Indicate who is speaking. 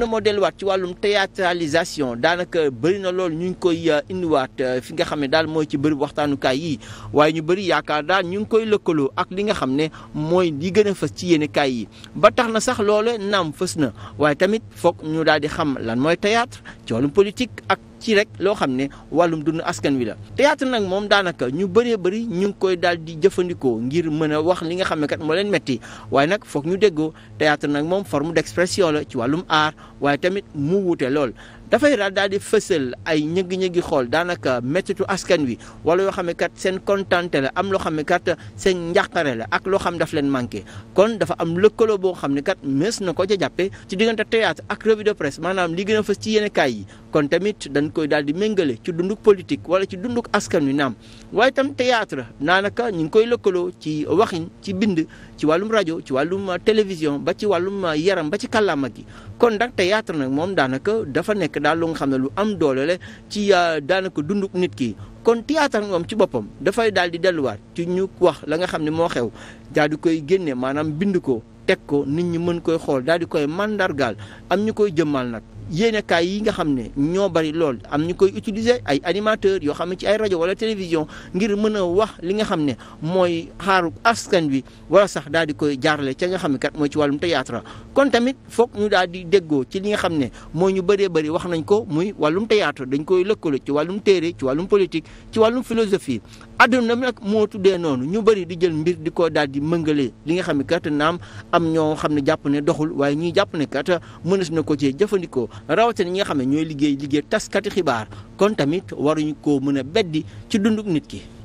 Speaker 1: na moo delluwaat ci wàllum théâtralisation daanaka bëri na lool ñu ngi koy euh, indiwaat euh, fi nga xam ne daal mooy ci bëri waxtaanukaay yi waaye ñu bëri yaakaar daal ñu ngi koy lëkkaloo ak li nga xam ne mooy li gën a fas ci yéen kaay yi ba tax na sax loole naam fës na waaye tamit foog ñu daal di xam lan mooy théâtre ci wàllum politique ak ci rek loo xam ne wàllum dund askan wi la théâtre nag moom daanaka ñu bëree bëri ñu ngi koy daal di jëfandikoo ngir mën a wax li nga xam ne kat moo leen metti waaye nag foog ñu déggoo théâtre nag moom forme d'expression la ci wàllum art waaye tamit mu wuute lool dafay daal daal di fësal ay ñëgg-ñëggi xool daanaka méttitu askan wi wala yoo xam kat seen kontante la am loo xam ne kat seen njàqare la ak loo xam daf leen manqué kon dafa am lëkkaloo boo xam ne kat mës na ko ca jàppe ci diggante théâtre ak revue de presse maanaam li gën a fës ci yeneen yi kon tamit dañ koy daal di méngale ci dunduk politique wala ci dunduk askan wi naam waaye tam itam théâtre naanaka ñu ngi koy lëkkaloo ci waxin ci bind ci wàllum rajo ci wàllum euh, télévision ba ci wàllum euh, yaram ba ci kàllaama gi kon nag théâtre nag moom daanaka dafa nekk daal lu nga xam ne lu am doole la ci euh, daanaka dunduk nit ki kon théâtre moom ci boppam dafay daal di delluwaat ci ñu wax la nga xam ne moo xew daal di koy génne maanaam bind ko teg ko nit ñi mën koy xool daal di koy mandargaal am ñu koy jëmmal nag yéenekaay yi nga xam ne ñoo bari lool am ñu koy utiliser ay animateurs yoo xam ne ci ay rajo wala télévision ngir mën a wax li nga xam ne mooy xaaru askan wi wala sax daal di koy jaarale ca nga xam mooy ci wàllum théâtre kon tamit foog ñu daal di déggoo ci li nga xam ne mooy ñu bëree bëri wax nañ ko muy wàllum théâtre dañ koy lëkkale ci wàllum téere ci wàllum politique ci wàllum philosophie adduna nag moo tuddee noonu ñu bëri di jël mbir di ko daal di mëngale li nga xam ne kat naam am ñoo xam ne jàpp ne doxul waaye ñuy jàpp ne kat mënees na ko cee jëfandikoo rawatina ñi nga xam ne ñooy liggéey liggéey taskati xibaar kon tamit waruñu koo mën a beddi ci dunduk nit ki.